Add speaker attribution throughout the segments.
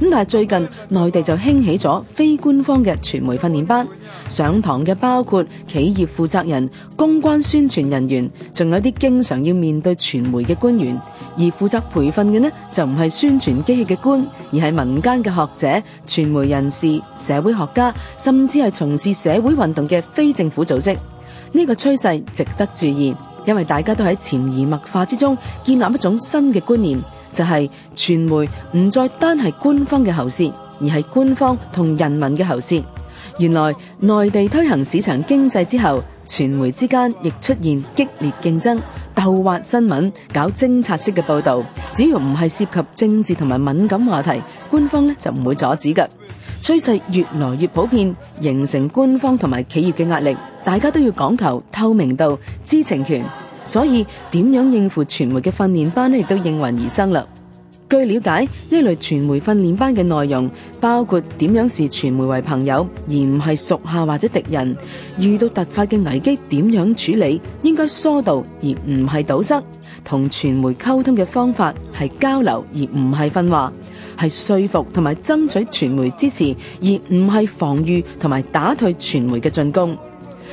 Speaker 1: 咁但係最近內地就興起咗非官方嘅傳媒訓練班，上堂嘅包括企業負責人、公關宣傳人員，仲有啲經常要面對傳媒嘅官員。而負責培訓嘅呢，就唔係宣傳機器嘅官，而係民間嘅學者、傳媒人士、社會學家，甚至係從事社會運動嘅非政府組織。呢個趨勢值得注意，因為大家都喺潛移默化之中建立一種新嘅觀念。就係傳媒唔再單係官方嘅喉舌，而係官方同人民嘅喉舌。原來內地推行市場經濟之後，傳媒之間亦出現激烈競爭，鬥挖新聞，搞偵察式嘅報道。只要唔係涉及政治同埋敏感話題，官方呢就唔會阻止噶。趨勢越來越普遍，形成官方同埋企業嘅壓力。大家都要講求透明度、知情權。所以點樣應付傳媒嘅訓練班咧，亦都應運而生嘞。據了解，呢類傳媒訓練班嘅內容包括點樣視傳媒為朋友而唔係屬下或者敵人，遇到突發嘅危機點樣處理，應該疏導而唔係堵塞，同傳媒溝通嘅方法係交流而唔係訓話，係說服同埋爭取傳媒支持而唔係防禦同埋打退傳媒嘅進攻。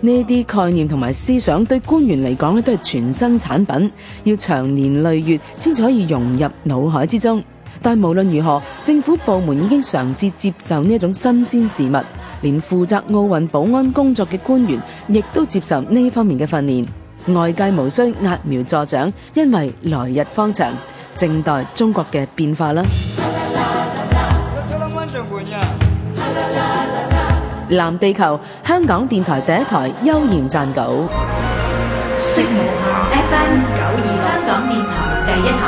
Speaker 1: 呢啲概念同埋思想對官員嚟講咧都係全新產品，要長年累月先至可以融入腦海之中。但無論如何，政府部門已經嘗試接受呢一種新鮮事物，連負責奧運保安工作嘅官員亦都接受呢方面嘅訓練。外界無需揠苗助長，因為來日方長，靜待中國嘅變化、啊、啦。啦啦啊啦啦啊啦啦啦藍地球，香港電台第一台，邱焱撰稿。FM 香港電台第一台